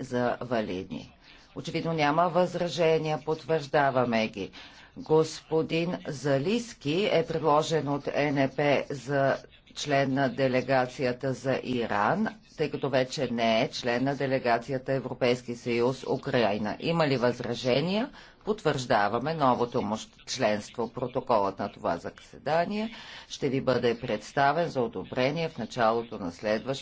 за валидни. Очевидно няма възражения, потвърждаваме ги. Господин Залиски е предложен от НП за член на делегацията за Иран, тъй като вече не е член на делегацията Европейски съюз Украина. Има ли възражения? Потвърждаваме новото му членство. Протоколът на това заседание ще ви бъде представен за одобрение в началото на следващия.